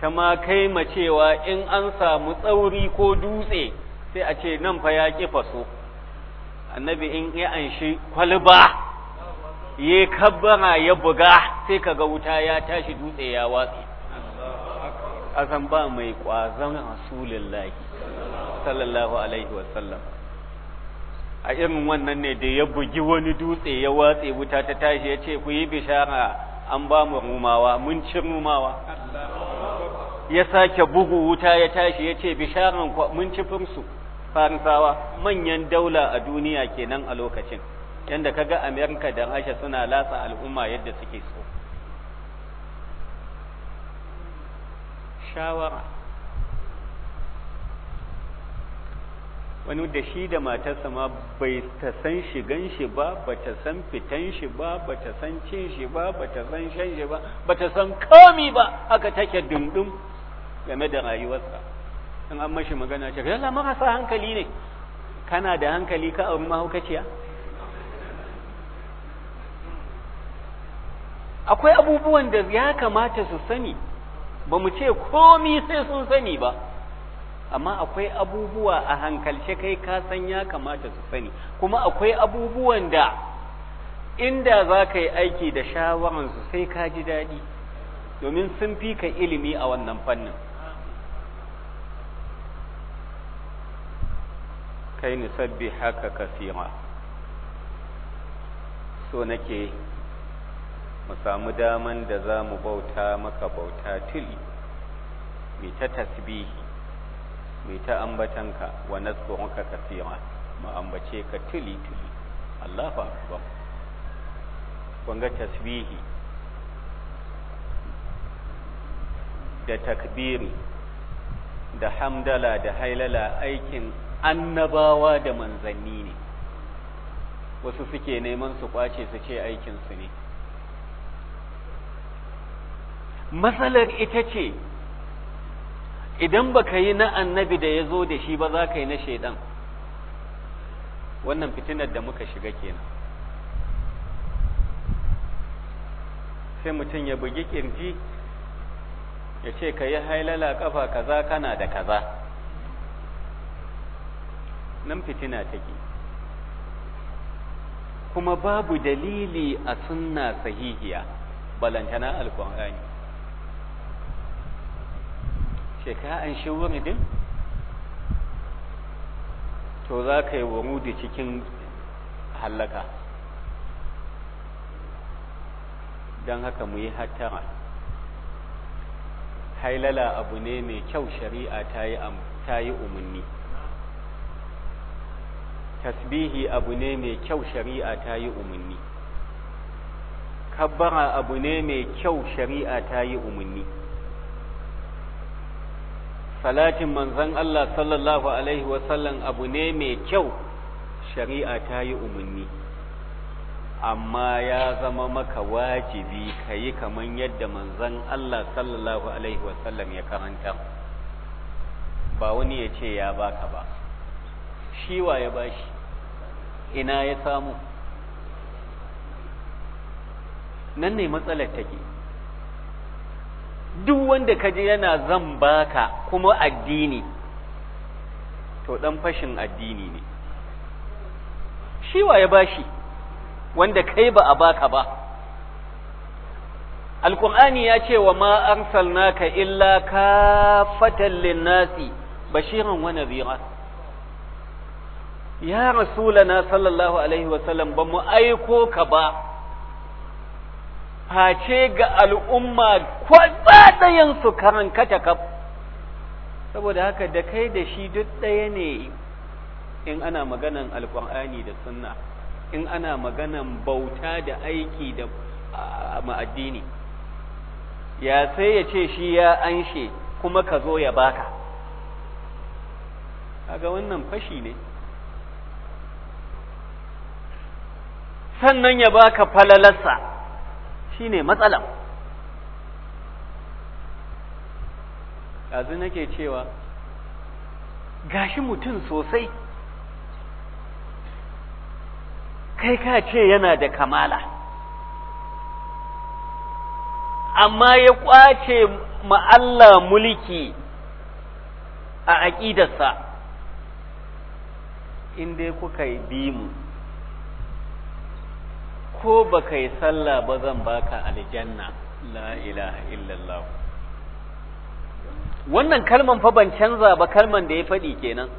ta ma kai macewa in an samu tsauri ko dutse sai a ce nan fa ya ƙi faso annabi in ya anshi kwalba ya kabbara ya buga sai kaga wuta ya tashi dutse ya watsi azan ba mai ƙwazon rasulullahi sallallahu alaihi wasallam a irin wannan ne da ya bugi wani dutse ya watsi wuta ta tashi ya ce ku yi bishara an ba mu rumawa mun ci rumawa ya sake bugu wuta ya tashi ya ce bisharan mun ci fursu farisawa manyan daula a duniya kenan a lokacin yanda ga amerika da rasha suna latsa al'umma yadda suke so shawara wani da shi da matarsa ma bai ta san shigan shi ba ba ta san fitan shi ba ba ta san cin shi ba ba ta san shan shi ba ba ta san kami ba aka take dundum game da rayuwarsa in an mashi magana ce yalla marasa hankali ne kana da hankali ka auri mahaukaciya akwai abubuwan da ya kamata su sani ba mu ce komi sai sun sani ba amma akwai abubuwa a hankalce kai ka san ya kamata su sani kuma akwai abubuwan da inda za ka yi aiki da shawaransu sai ka ji daɗi domin sun fi ka ilimi a wannan fannin kai sabbi haka kafira so nake mu samu daman da za mu bauta maka bauta tili mai ta tasbihi mai ta ambatanka wa nazkuruka kafira mu ambace ka tili tili Allahu akbar kun tasbihi da takbiri da hamdala da hailala aikin annabawa da manzanni ne wasu suke neman su kwace su ce aikinsu ne matsalar ita ce idan baka yi na annabi da ya zo da shi ba za ka yi na shaidan wannan fitinar da muka shiga kenan sai mutum ya bugi kirji ya ce ka yi hailala kafa kaza kana da kaza nan fitina take kuma babu dalili a sunna sahihiya balantana alkur'ani sheka'an shi din? to za ka yi wurudi cikin hallaka don haka mu yi hattara hailala abu ne mai kyau shari'a ta yi umarni tasbihi abu ne mai kyau shari'a ta yi umarni kabbara abu ne mai kyau shari'a ta yi umarni salatin manzan Allah sallallahu alaihi wasallam abu ne mai kyau shari'a ta yi umarni amma ya zama maka wajibi ka yi kamar yadda manzan Allah sallallahu alaihi wasallam ya karanta ba wani ya ce ya baka ba shi wa ya bashi ina ya samu nan ne matsalar take duk wanda kaji yana zan baka kuma addini to dan fashin addini ne shi ya bashi wanda kai ba a baka ba alkur'ani ya ce wa ma arsalnaka illa kafatan linnasi bashiran wa nadhira ya rasulana sallallahu alaihi wasallam ba mu aiko ka ba face ga al'umma kwaɗaɗayen su karan kata kaf saboda haka da kai da shi duk ɗaya ne in ana maganan alƙur'ani da sunna in ana maganan bauta da aiki da ma'addini ya sai ya ce shi ya anshe kuma ka zo ya baka kaga wannan fashi ne sannan ya baka falalarsa shine matsala yanzu nake cewa gashi mutum sosai kai ka ce yana da kamala amma ya kwace ma'alla mulki a aƙidarsa in dai kuka yi bi mu ko ba ka sallah ba zan baka aljanna la ilaha illallah wannan kalman fa ban canza ba kalman da ya faɗi kenan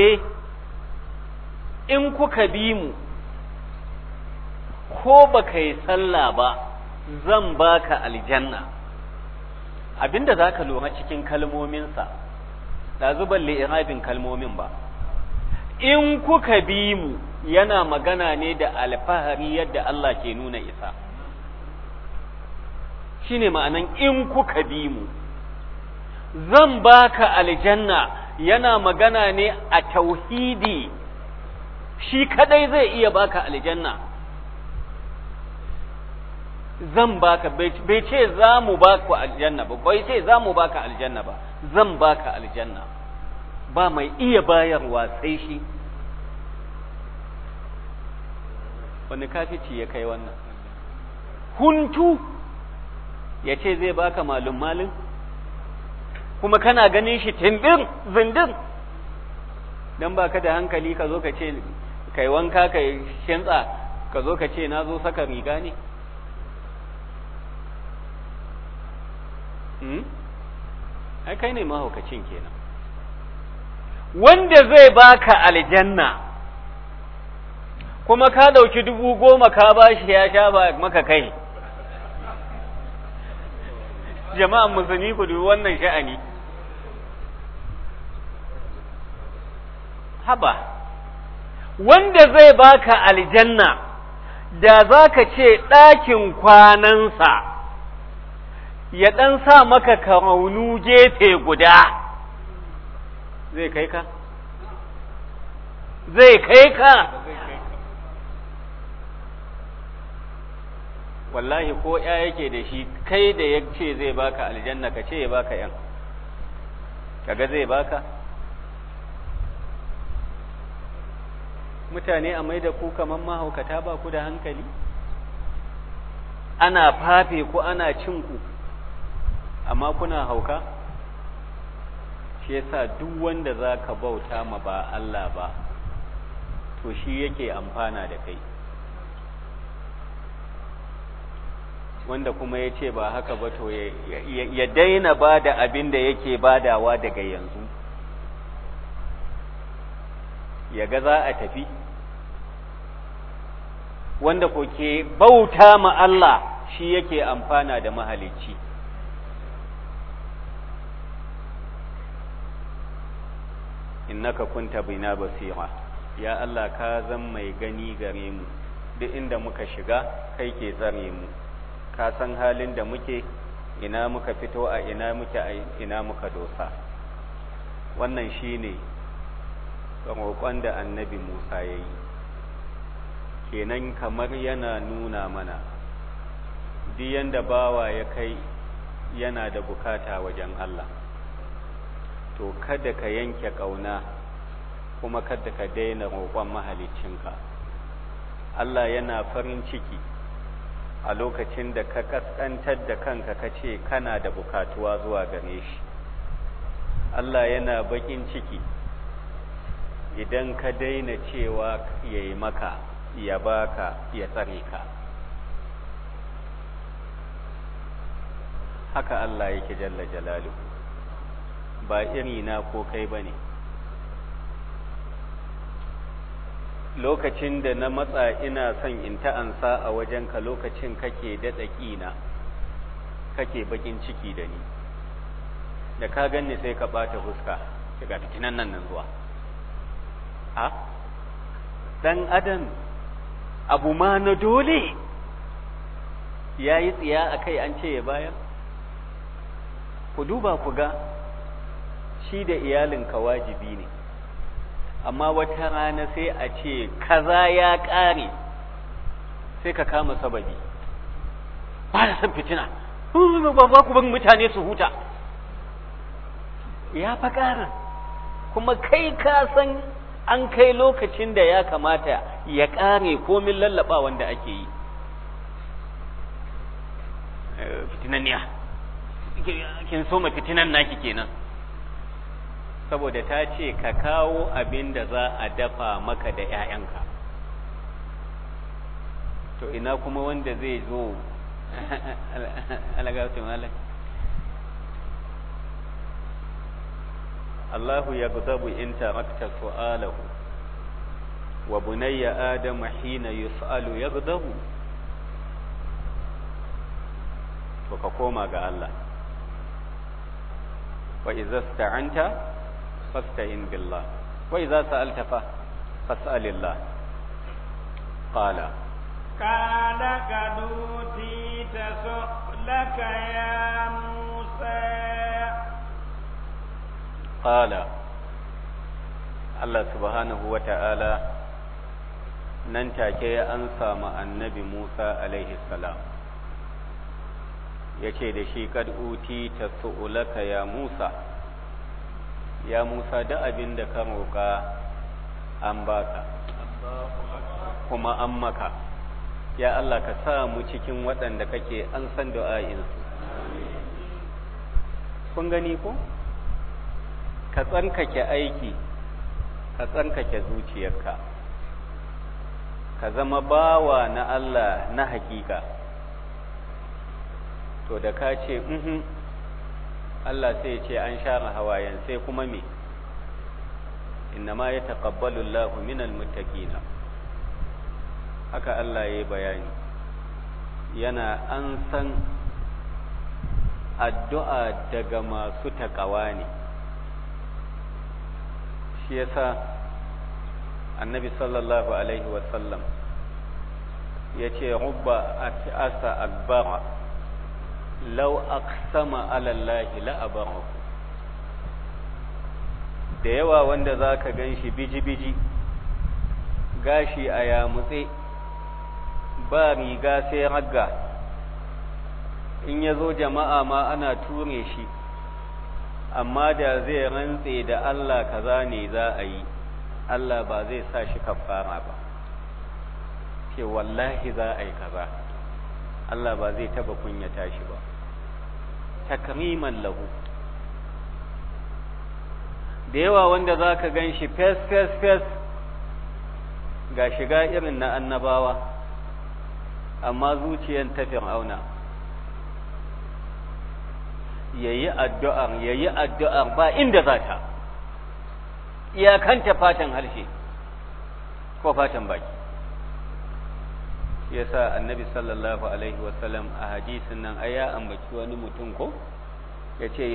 eh in kuka bi mu ko ba ka sallah ba zan baka aljanna abinda za ka lura cikin kalmominsa da balle irabin kalmomin ba in kuka bi mu yana magana ne da alfahari yadda Allah ke nuna isa shine ma'anan in kuka bi mu zan baka aljanna yana magana ne a tauhidi shi kadai zai iya baka aljanna zan baka bai ce za mu baka aljanna ba bai ce za mu baka aljanna ba zan baka aljanna ba mai iya bayarwa sai shi wani kafici ya kai wannan huntu ya ce zai baka malum malin kuma kana ganin shi timbin zindin don baka da hankali ka zo ka ce kai wanka ka shinsa ka zo ka ce na zo saka riga ne hmm? ai kai ne mahaukacin kenan wanda zai baka aljanna kuma ka ɗauki dubu goma ka bashi ya sha ba maka kai jama'an musulmi ku dubi wannan sha'ani haba wanda zai baka aljanna da za ka ce ɗakin kwanansa ya ɗan sa maka kaunu gefe guda zai kai ka zai kai ka wallahi ko ya yake da shi kai da ya ce zai baka aljanna ka ce ya baka yan kaga zai baka mutane a maida ku kaman mahaukata ba ku da hankali ana fafe ku ana cin ku amma kuna hauka shi yasa duk wanda zaka bauta ma ba Allah ba to shi yake amfana da kai wanda kuma ya ce ba haka ba to ya daina ba da abin da yake badawa daga yanzu ya ga za a tafi wanda ko ke bauta ma Allah shi yake amfana da mahalicci innaka kunta bina basira ya Allah ka zan mai gani gare mu duk inda muka shiga kai ke tsare mu ka san halin da muke ina muka fito a ina muke a ina muka dosa wannan shine roƙon da annabi Musa ya yi kenan kamar yana nuna mana duk yanda bawa ya kai yana da bukata wajen Allah to kada ka yanke ƙauna kuma kada ka daina roƙon mahalicinka Allah yana farin ciki a lokacin da ka ƙasƙantar da kanka ka ce kana da bukatuwa zuwa gare shi Allah yana baƙin ciki idan ka daina cewa ya yi maka ya baka ya tsare ka haka Allah yake jalla jalaluhu ba iri na ko kai ba ne lokacin da na matsa ina son in ta'ansa a wajen ka lokacin kake daɗa ƙina kake bakin ciki da ni da ka ganni sai ka ɓata huska daga fitinan nan nan zuwa a ɗan adam abu ma na dole ya yi tsiya a kai an ce ya bayan. ku duba ku ga shi da iyalinka wajibi ne amma wata rana sai a ce kaza ya ƙare sai ka kama sababi ba da san fitina ba ku bin mutane su huta ya fa ƙara kuma kai ka san an kai lokacin da ya kamata ya ƙare komin lallaba wanda ake yi eh, fitinanniya kin soma fitinan naki kenan saboda ta ce ka kawo abin da za a dafa maka da 'ya'yanka to ina kuma wanda zai zo alagatu alai Allahu ya guzabu in tarakta su'alahu wa bunayya Adamu hina yus'alu ya to ka koma ga Allah wa izasta fasta'in billah wa idza sa'alta fa fas'alillah qala qala kaduti tasulaka ya musa qala Allah subhanahu wa ta'ala nan take an samu annabi Musa alaihi salam ya ce da shi kad uti ya Musa ya musa da abin da ka roƙa an baka kuma an maka ya Allah ka sa mu cikin waɗanda kake an san du'a'insu kun gani ko ka tsankake aiki ka tsankake zuciyarka ka zama bawa na Allah na hakika to da ka ce mhm Allah sai ce an share hawayen sai kuma me innama yataqabbalu Allahu minal muttaqina haka Allah yayi bayani yana an san addu'a daga masu takawa ne shi yasa annabi sallallahu alaihi wasallam ya ce rubba asa akbara lau aqsama ala allahi la da yawa wanda za zaka ganshi biji biji gashi a ya mutse. ba riga sai ragga in ya zo jama'a ma ana ture shi amma da zai rantse da Allah kaza ne za a yi Allah ba zai sa shi kafara ba Ke wallahi za a yi kaza Allah ba zai taba kunyata shi ba takriman lahu da yawa wanda zaka ka gan shi fes fes fes ga shiga irin na annabawa amma zuciyan ta fir'auna yayi addu'ar yayi addu'ar ba inda za ta iyakanta fatan harshe ko fatan baki ya annabi sallallahu alaihi wasallam a hadisin nan ai ya ambaci wani mutum ko ya ce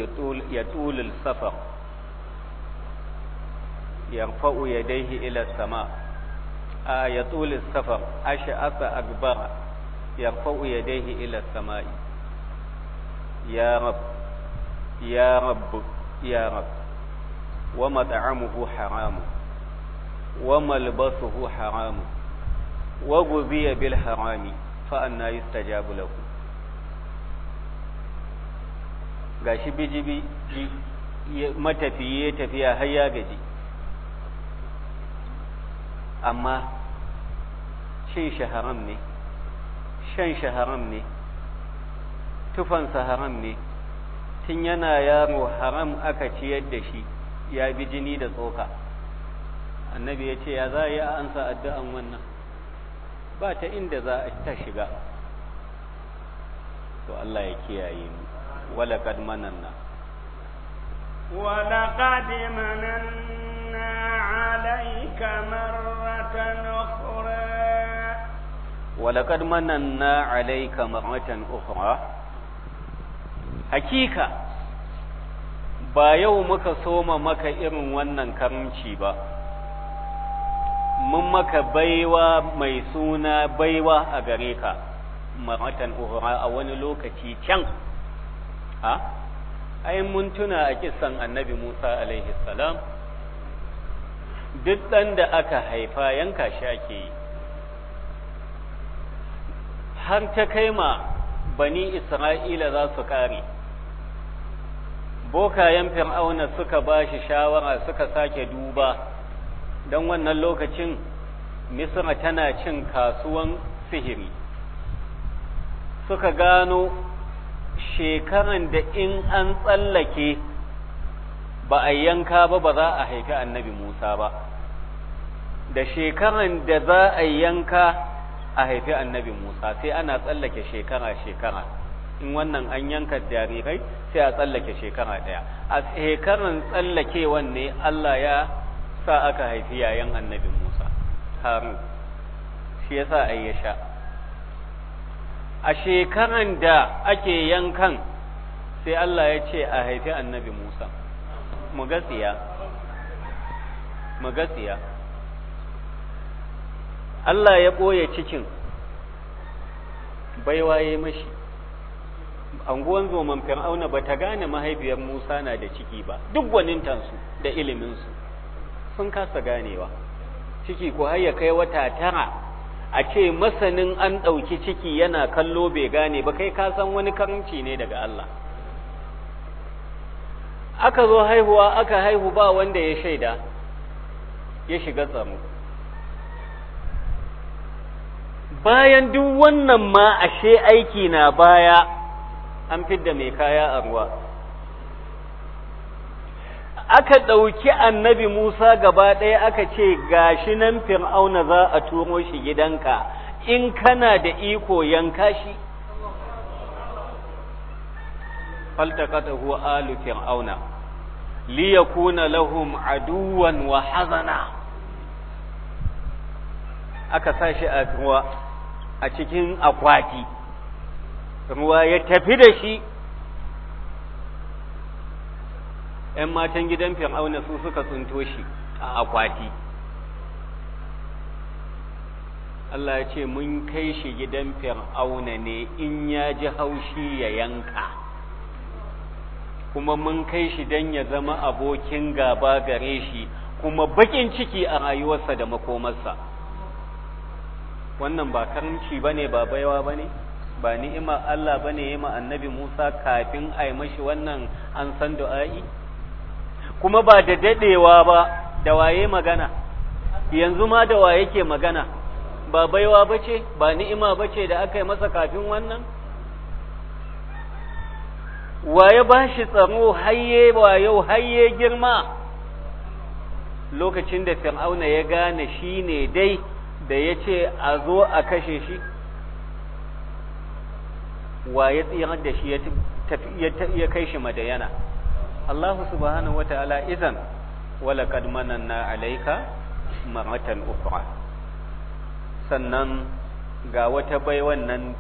ya tulul safar ya fa'u ya daihi ila sama a ya tulil safar ashe asa agbara ya fa'u ya daihi ila sama'i ya rab ya rabu ya rab wa mat'amuhu haramu wa malbasuhu haramu Wagobi ya bil harami fa anna yustajabu gashi bijibi matafiye tafiya har ya gaji amma cin shi haram ne shan shi haram ne tufansa haram ne tun yana yaro haram aka ciyar da shi ya bi jini da tsoka annabi ya ce ya za a yi a ansa addu'an wannan ba ta inda za a ta shiga to Allah ya kiyaye mu wala kad mananna wala kad mananna alayka marratan ukhra wala kad mananna alayka marratan ukhra hakika ba yau muka soma maka irin wannan karamci ba mun maka baiwa mai suna baiwa a gare ka maratan uhura a wani lokaci can ha ai mun tuna a kisan annabi Musa alaihi salam duk ɗan da aka haifa yanka shi ake yi har ta kai ma bani isra'ila za su ƙare bokayen fir'auna suka ba shi shawara suka sake duba don wannan lokacin misra tana cin kasuwan sihiri suka gano shekaran da in an tsallake ba a yanka ba ba za a haifi annabi musa ba da shekaran da za a yanka a haifi annabi musa sai ana tsallake shekara-shekara in wannan an yanka jarirai sai a tsallake shekara daya a shekaran tsallakewan ne allah ya sa aka haifi yayan annabi Musa Harun shi yasa ai ya sha a shekaran da ake yankan sai Allah ya ce a haifi annabi Musa mugasiya mugasiya Allah ya ɓoye cikin baiwa ya mashi anguwan zoman fir'auna ba ta gane mahaifiyar Musa na da ciki ba duk gwanintansu da iliminsu sun kasa ganewa ciki ko har ya kai wata tara a ce masanin an ɗauki ciki yana kallo bai gane ba kai ka san wani karanci ne daga Allah aka zo haihuwa aka haihu ba wanda ya shaida ya shiga tsaro bayan duk wannan ma ashe aiki na baya an fidda mai kaya a ruwa aka ɗauki annabi Musa gaba ɗaya aka ce gashi nan fir'auna za a turo shi gidanka in kana da iko yanka shi faltaqatahu alu fir'auna liyakuna lahum aduwan wa hazana aka sashi a ruwa a cikin akwati ruwa ya tafi da shi ‘yan matan gidan fir'auna su suka tsinto shi a akwati Allah ya ce mun kai shi gidan fir'auna ne in ya ji haushi ya yanka kuma mun kai shi don ya zama abokin gaba gare shi kuma bakin ciki a rayuwarsa da makomarsa wannan ba karanci ba ne ba baiwa ba ne ba ni'ima Allah ba ne ya ma annabi Musa kafin a yi mashi wannan an san du'a'i kuma ba da dadewa ba da waye magana yanzu ma da waye ke magana ba baiwa bace ba ni'ima bace da aka yi masa kafin wannan waye ba shi tsaro haye yau haye girma lokacin da fir'auna ya gane shi ne dai da ya ce a zo a kashe shi waye tsirar da shi ya kai shi madayana Allah subhanahu wata'ala izan walaqad mananna alaika maratan uku'a sannan ga wata bai wannan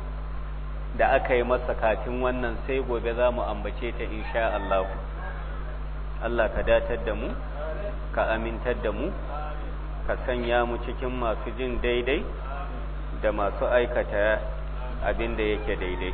da aka yi masa kafin wannan sai gobe za mu ambace ta insha Allah Allah ka datar da mu ka amintar da mu ka sanya mu cikin masu jin daidai da masu aikata abin da yake daidai